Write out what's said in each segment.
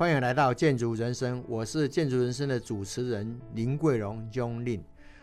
歡迎來到建築人生，我是建築人生的主持人林桂榮 Jong Lin，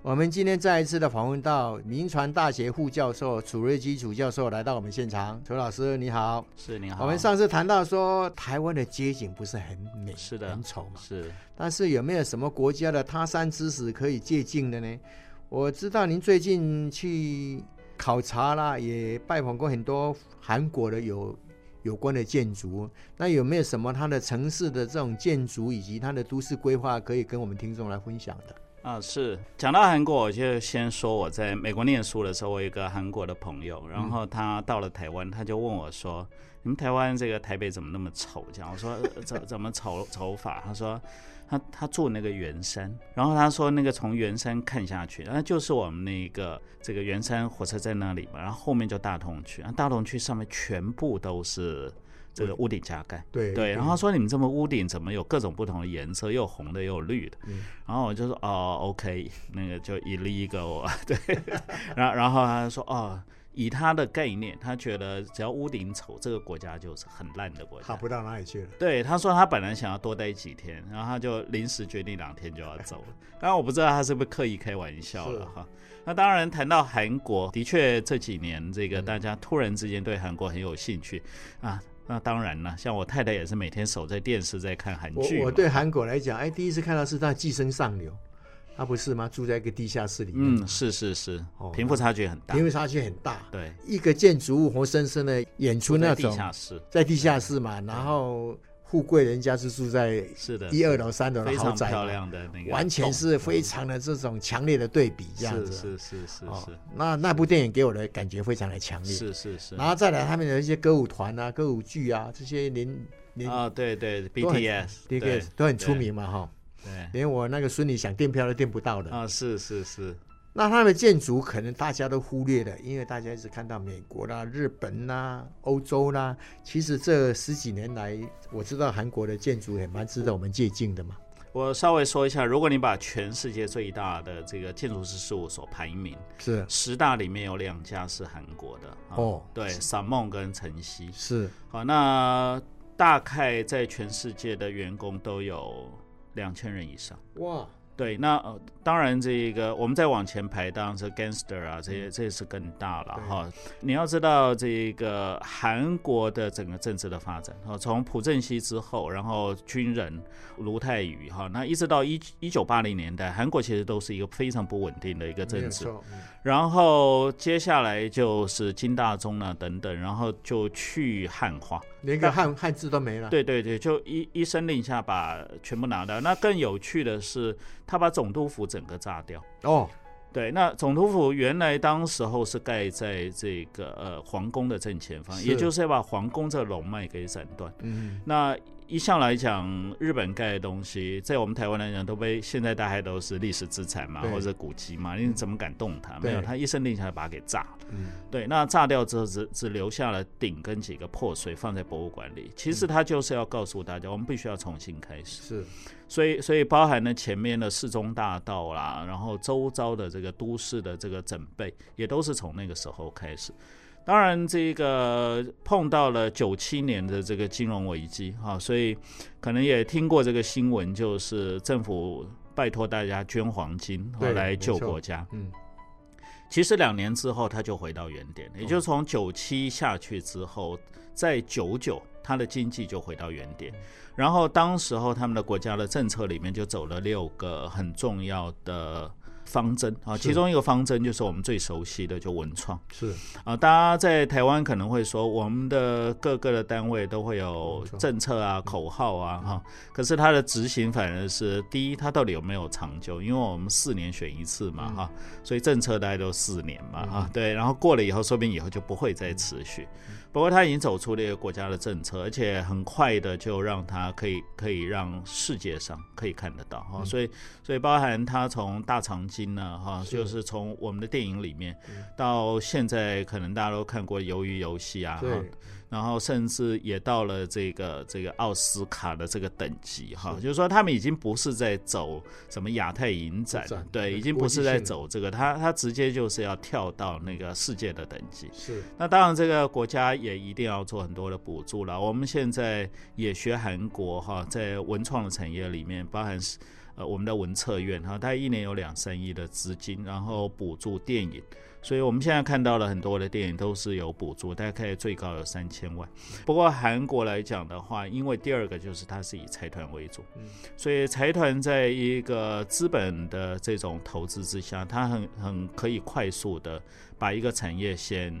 我們今天再一次的訪問到銘傳大學副教授褚瑞基，褚教授來到我們現場，褚老師你好，是你好。我們上次談到說台灣的街景不是很美，是的，很醜嘛，是。但是有沒有什麼國家的他山之石可以借鑒的呢？我知道您最近去考察啦，也拜訪過很多韓國的有。有關的建築，那有沒有什麼它的城市的這種建築以及它的都市規劃可以跟我們聽眾來分享的？啊，是，講到韓國，我就先說我在美國念書的時候，我有一個韓國的朋友，然後他到了台灣，他就問我說：“嗯、你們台灣這個台北怎麼那麼醜？”這樣，我說：“怎、呃、怎麼醜醜法？”他說：“他他住那個圓山，然後他說那個從圓山看下去，那、啊、就是我們那個這個圓山火車站那裡嘛，然後後面就大同區、啊，大同區上面全部都是。”這個屋頂加蓋，對對，對，然後他說，你們這麼屋頂怎麼有各種不同的顏色？又有紅的，又有綠的，嗯、然後我就說哦，OK，那個就一個一個，我對，然後然後他說哦，以他的概念，他覺得只要屋頂醜，這個國家就是很爛的國家，好不到哪裡去了。對，他說他本來想要多待幾天，然後他就臨時決定兩天就要走了。當然我不知道他是不是刻意開玩笑了哈是、啊。那當然談到韓國，的確這幾年這個大家突然之間對韓國很有興趣啊。那當然了，像我太太也是每天守在電視在看韓劇我。我對韓國來講，哎，第一次看到是他《寄生上流》，他不是嗎？住在一個地下室裡面。嗯，是是是，貧富差距很大，哦、貧富差距很大。對，一個建築物活生生的演出那種在地下室，在地下室嘛，對然後。富貴人家是住在是的，一二樓、三樓的豪宅，非常漂亮的那個，完全是非常的這種強烈的對比這樣子。是是是是，那那部電影給我的感覺非常的強烈。是是是，然後再來他們有一些歌舞團啊、歌舞劇啊，這些連連啊，對對，BTS，BTS 都很出名嘛哈。對，連我那個孫女想訂票都訂不到的。啊，是是是。那它的建築可能大家都忽略了，因為大家一直看到美國啦、啊、日本啦、啊、歐洲啦、啊。其實這十幾年來，我知道韓國的建築也蠻值得我們借鑑的嘛。我稍微說一下，如果你把全世界最大的這個建築師事務所排名是十大，裡面有兩家是韓國的哦。對，Samong 跟晨曦是。好，那大概在全世界的員工都有兩千人以上。哇。對，那當然，這個我們再往前排，當然是 gangster 啊，這些這些是更大了哈。嗯，你要知道，這個韓國的整個政治的發展，哈，從朴正熙之後，然後軍人盧泰愚哈，那一直到一一九八零年代，韓國其實都是一個非常不穩定的一個政治。嗯，然後接下來就是金大中啊等等，然後就去漢化。連個漢漢字都沒了。對對對，就一一聲令下，把全部拿掉。那更有趣的是，他把總督府整個炸掉。哦，對，那總督府原來當時候是蓋在這個呃皇宮的正前方，也就是要把皇宮這龍脈給斬斷。嗯。那。一向來講，日本蓋的東西，在我們台灣來講，都被現在大概都是歷史資產嘛，對或者古蹟嘛，你怎麼敢動它？對沒有，它一聲令下把它給炸了。對，對，那炸掉之後只只留下了頂跟幾個破碎，放在博物館裡。其實它就是要告訴大家，嗯、我們必須要重新開始。是，所以所以包含了前面的世宗大道啦，然後周遭的這個都市的這個整備，也都是從那個時候開始。當然，這個碰到了九七年的這個金融危機哈，所以可能也聽過這個新聞，就是政府拜托大家捐黃金、啊、來救國家。其實兩年之後他就回到原點，也就是從九七下去之後，在九九他的經濟就回到原點。然後當時候他們的國家的政策裡面就走了六個很重要的、方針啊，其中一個方針就是我們最熟悉的，就文創是啊。大家在台灣可能會說，我們的各個的單位都會有政策啊、口號啊哈、啊。可是它的執行反而是，第一，它到底有沒有長久？因為我們四年選一次嘛哈、啊，所以政策大概都四年嘛哈、啊。對，然後過了以後，說不定以後就不會再持續。不過他已經走出了一個國家的政策，而且很快的就讓他可以可以讓世界上可以看得到、嗯、所以所以包含他從大長今呢哈，是就是從我們的電影裡面，是到現在可能大家都看過《魷魚遊戲》啊。然後甚至也到了這個這個奧斯卡的這個等級哈，是，就是說他們已經不是在走什麼亞太影展，對，已經不是在走這個，他他直接就是要跳到那個世界的等級。是，那當然這個國家也一定要做很多的補助了。我們現在也學韓國哈，在文創的產業裡面，包含是。我們的文策院哈，它一年有兩三億的資金，然後補助電影，所以我們現在看到了很多的電影都是有補助，大概最高有三千萬。不過韓國來講的話，因為第二個就是它是以財團為主，所以財團在一個資本的這種投資之下，它很很可以快速的。把一個產業先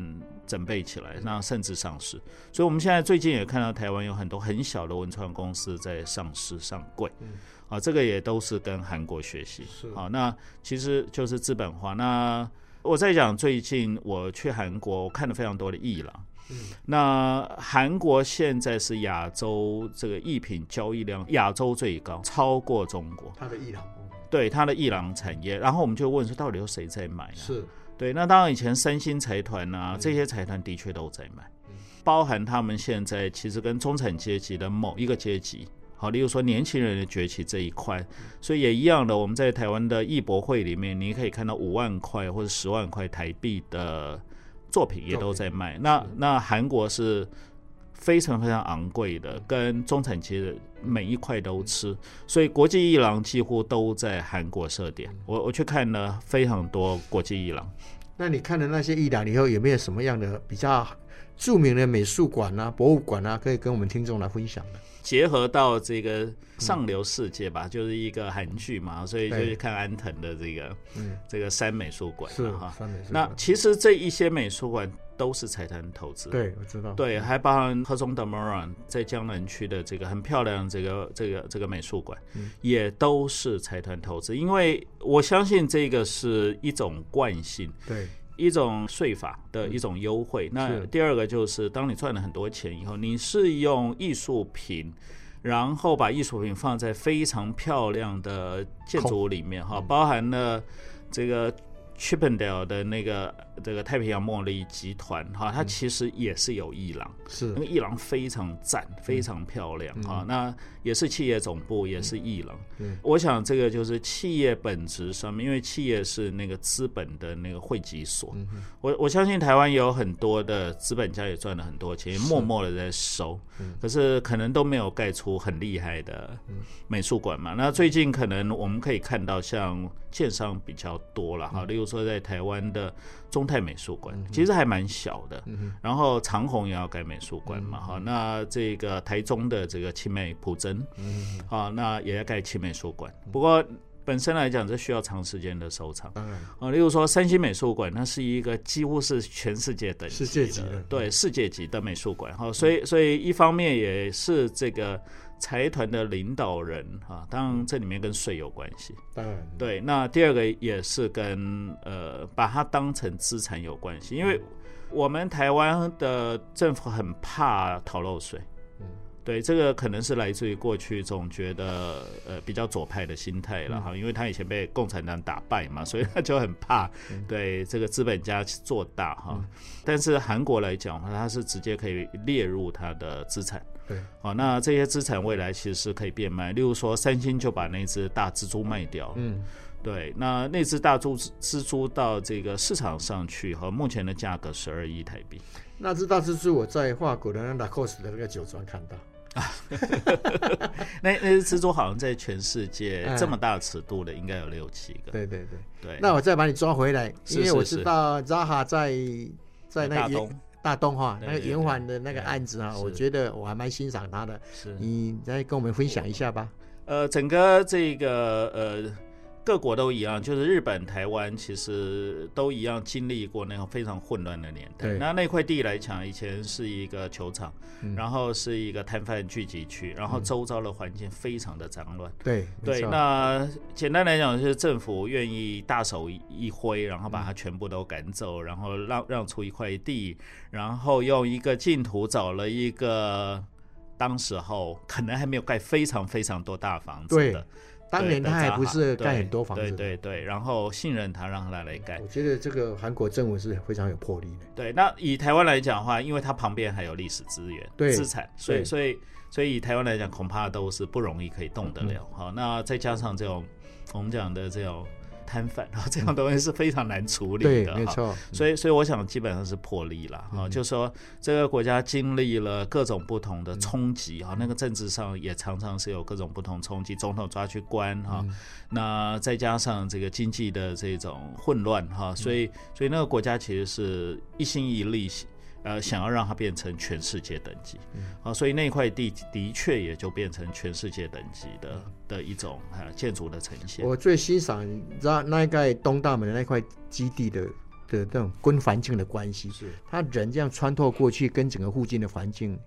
整備，起來，那甚至上市。所以，我們現在最近也看到台灣有很多很小的文創公司在上市上櫃。對啊，這個也都是跟韓國學習。是、啊、那其實就是資本化。那我在講最近我去韓國，我看了非常多的藝廊。嗯、那韓國現在是亞洲這個藝品交易量亞洲最高，超過中國。它的藝廊，對它的藝廊產業。然後我們就問說，到底有誰在買、啊？是。對，那當然以前三星財團啊，這些財團的確都在賣，包含他們現在其實跟中產階級的某一個階級，好，例如說年輕人的崛起這一塊，所以也一樣的，我們在台灣的藝博會裡面，你可以看到五萬塊或者十萬塊台幣的作品也都在賣，那那韓國是，非常非常昂貴的，跟中產階級每一塊都吃，所以國際藝廊幾乎都在韓國設點。我我去看了非常多國際藝廊，那你看了那些藝廊以後有沒有什麼樣的比較著名的美術館啊、博物館啊，可以跟我們聽眾來分享的？結合到這個上流世界吧，嗯、就是一個韓劇嘛，所以就去看安藤的這個，嗯、這個三美術館是哈。是三美術館。那其實這一些美術館都是財團投資，對，我知道。對，還包含赫松德莫爾在江南區的這個很漂亮的這個這個這個美術館，嗯、也都是財團投資。因為我相信這個是一種慣性，對。一種稅法的一種優惠。嗯、那第二個就是，當你賺了很多錢以後，是你是用藝術品，然後把藝術品放在非常漂亮的建築物裡面，哈空，包含了這個。Chipendale 的那個這個太平洋茉莉集團哈，它其實也是有藝廊，是那個藝廊非常讚，非常漂亮啊。那也是企業總部，也是藝廊。嗯，我想這個就是企業本質上面，因為企業是那個資本的那個匯集所。我我相信台灣有很多的資本家也賺了很多錢，默默的在收，可是可能都沒有蓋出很厲害的美術館嘛。那最近可能我們可以看到，像建商比較多了哈，例如。說在台灣的中泰美術館、嗯、哼其實還蠻小的，嗯、哼然後長虹也要蓋美術館嘛，哈、嗯哼，那這個台中的這個青美普珍，嗯、哼啊，那也要蓋青美術館。不過本身來講，這需要長時間的收藏。嗯、啊，例如說三星美術館，那是一個幾乎是全世界等級的世界級的，對世界級的美術館。哈、啊，所以所以一方面也是這個。財團的領導人啊，當然這裡面跟稅有關係，當然、對。那第二個也是跟呃，把它當成資產有關係，因為我們台灣的政府很怕逃漏稅，嗯、對，這個可能是來自於過去總覺得呃比較左派的心態了哈，嗯、因為他以前被共產黨打敗嘛，所以他就很怕、嗯、對這個資本家做大哈、啊。嗯、但是韓國來講的話，它是直接可以列入他的資產。對，好，哦，那這些資產未來其實是可以變賣，例如說三星就把那只大蜘蛛賣掉。嗯，對，那那只大蛛蜘蛛到這個市場上去，和，嗯、目前的價格十二億台幣。那只大蜘蛛我在法國的拉 cos 的那個酒莊看到。啊，哈哈哈哈。那那只蜘蛛好像在全世界這麼大尺度的，應該有六七個。對、嗯、對對對。對，那我再把你抓回來，是是是因為我知道扎哈在在那邊。大東哈，那個延緩的那個案子啊，對對對，我覺得我還蠻欣賞他的。是你再跟我們分享一下吧？呃，整個這個呃。各國都一樣，就是日本、台灣其實都一樣經歷過那個非常混亂的年代。對那那塊地來講，以前是一個球場，嗯、然後是一個攤販聚集區，嗯、然後周遭的環境非常的髒亂。對對，對對，那簡單來講就是政府願意大手一揮，然後把它全部都趕走，嗯、然後讓讓出一塊地，然後用一個競圖找了一個當時候可能還沒有蓋非常非常多大房子的。對當年他還不是蓋很多房子，對對對，然後信任他，讓他來蓋。我覺得這個韓國政府是非常有魄力的對對。對,對,對,對,他他對，那以台灣來講的話，因為它旁邊還有歷史資源、對資產，所以對所以所以以台灣來講，恐怕都是不容易可以動得了。嗯、好，那再加上這種，我們講的這種。攤販啊，這種東西是非常難處理的，哈、嗯，所以所以我想基本上是魄力了，哈、嗯，就是說這個國家經歷了各種不同的衝擊，哈、嗯，那個政治上也常常是有各種不同衝擊，嗯、總統抓去關，哈、嗯，那再加上這個經濟的這種混亂，哈、嗯，所以所以那個國家其實是一心一力。呃，想要讓它變成全世界等級，嗯、啊，所以那塊地的確也就變成全世界等級的的一種、啊、建築的呈現。我最欣賞，那一塊東大門的那塊基地的的這種跟環境的關係，是它人這樣穿透過去，跟整個附近的環境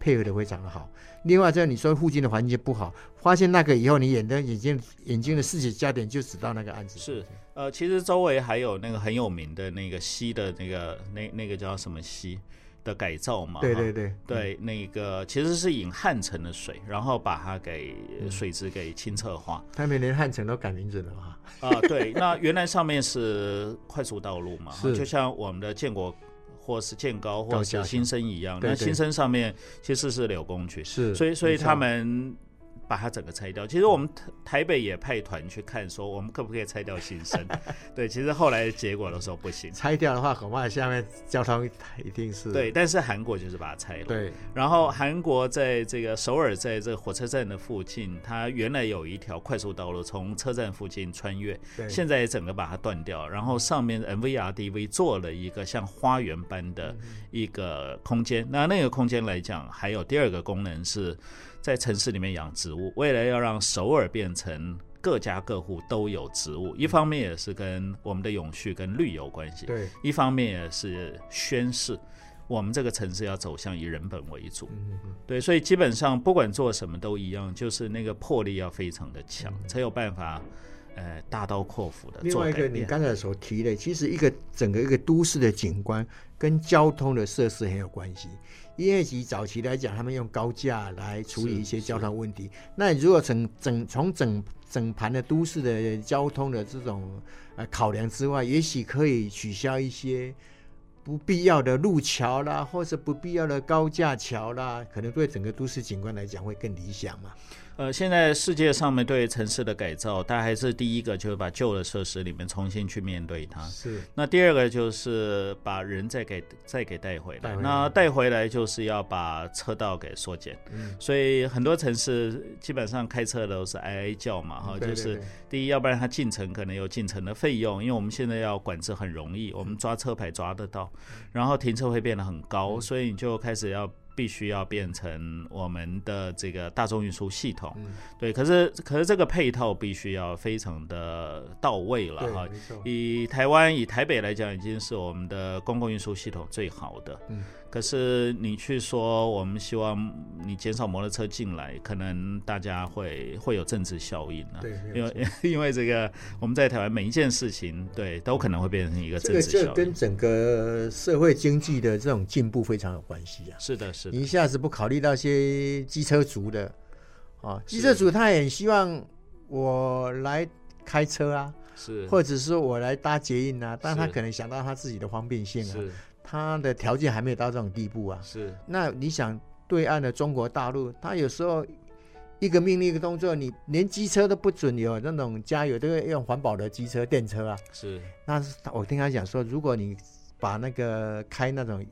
配合的非常的好。另外，像你說附近的環境不好，發現那個以後，你眼的眼睛眼睛的視覺焦點就只到那個案子。是，呃，其實周圍還有那個很有名的那個溪的那個那那個叫什麼溪的改造嘛。對對對對，啊對嗯、那個其實是引漢城的水，然後把它給水質給清澈化、嗯。他們連漢城都改名字了嘛？啊， 對，那原來上面是快速道路嘛，是就像我們的建國。或是建高，或者是新生一樣，那新生上面其實是柳工群，是，所以所以他們。把它整個拆掉。其實我們台北也派團去看，說我們可不可以拆掉新生？對，其實後來結果的時候不行。拆掉的話，恐怕下面交通一定是。對，但是韓國就是把它拆了。對。然後韓國在這個首爾，在這個火車站的附近，它原來有一條快速道路從車站附近穿越，現在整個把它斷掉。然後上面 MVRDV 做了一個像花園般的，一個空間。那那個空間來講，還有第二個功能是。在城市裡面養植物，為了要讓首爾變成各家各戶都有植物，嗯、一方面也是跟我們的永續跟綠有關係，對，一方面也是宣示我們這個城市要走向以人本為主，嗯嗯、對，所以基本上不管做什麼都一樣，就是那個魄力要非常的強，嗯、才有辦法呃大刀闊斧的做改變。另外一個你剛才所提的，其實一個整個一個都市的景觀跟交通的設施很有關係。一級早期來講，他們用高架來處理一些交通問題。那如果從從從整整從整整盤的都市的交通的這種呃考量，之外，也許可以取消一些不必要的路橋啦，或者不必要的高架橋啦，可能對整個都市景觀來講會更理想嘛。呃，現在世界上面對城市的改造，大概還是第一個，就是把舊的設施裡面重新去面對它。是。那第二個就是把人再給再給帶回來。嗯、那帶回來就是要把車道給縮減。嗯。所以很多城市基本上開車都是哀哀叫嘛哈，嗯、對對對就是第一，要不然他進城可能有進城的費用，因為我們現在要管制很容易，我們抓車牌抓得到，然後停車會變得很高，嗯、所以你就開始要。必須要變成我們的這個大眾運輸系統，嗯、對。可是，可是這個配套必須要非常的到位了哈。以台灣、以台北來講，已經是我們的公共運輸系統最好的。嗯可是你去說，我們希望你減少摩托車進來，可能大家會會有政治效應啊。對因為因為這個，我們在台灣每一件事情，對，都可能會變成一個政治效應。這個這跟整個社會經濟的這種進步非常有關係啊。是的，是的。一下子不考慮到些機車族的，啊、機車族他也希望我來開車啊，是，或者是我來搭捷運啊，但他可能想到他自己的方便性啊。是是他的條件還沒有到這種地步啊，是。那你想，對岸的中國大陸，他有時候一個命令一個動作，你連機車都不准有那種加油，都要用環保的機車、電車啊。是。那是我聽他講說，如果你把那個開那種。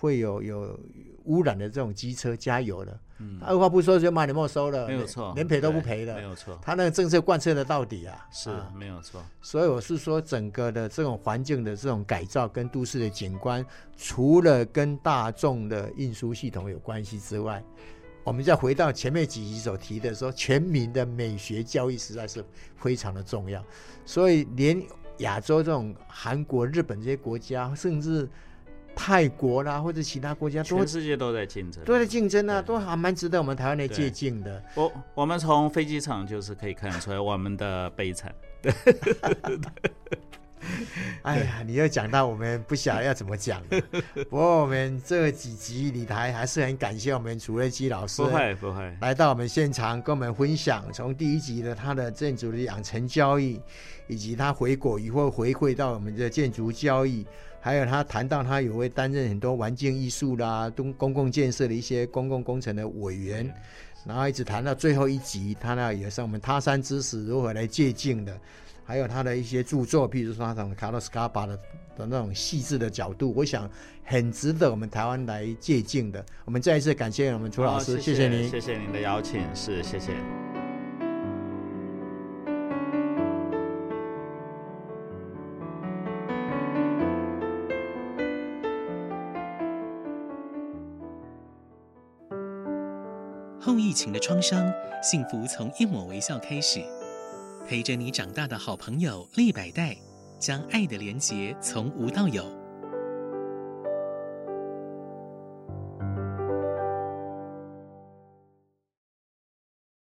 會有有污染的這種機車加油的，嗯，他二話不說就把你沒收了,沒了，沒有錯，連賠都不賠的，沒有錯，他那個政策貫徹的到底啊，是，啊，沒有錯。所以我是說，整個的這種環境的這種改造跟都市的景觀，除了跟大眾的運輸系統有關係之外，我們再回到前面幾集所提的說，全民的美學教育實在是非常的重要。所以，連亞洲這種韓國、日本這些國家，甚至。泰國啦，或者其他國家，都全世界都在競爭的，都在競爭啊，對都還蠻值得我們台灣來借鑑的。我，我們從飛機場就是可以看出來我們的悲慘。 哎呀，你又講到我們不曉得要怎麼講。 不過我們這幾集理台還是很感謝我們褚瑞基老師，不會不會來到我們現場跟我們分享。從第一集的他的建築的養成交易，以及他回國以後回饋到我們的建築交易，還有他談到他有會擔任很多環境藝術啦、東公共建設的一些公共工程的委員，然後一直談到最後一集，他呢也是我們他山之石如何來借鏡的。還有他的一些著作，譬如說那種卡洛斯卡巴的的那種細緻的角度，我想很值得我們台灣來借鑑的。我們再一次感謝我們褚老師，謝謝您，謝謝您的邀請，是謝謝。後疫情的創傷，幸福從一抹微笑開始。陪着你長大的好朋友利百代，將愛的連結從無到有。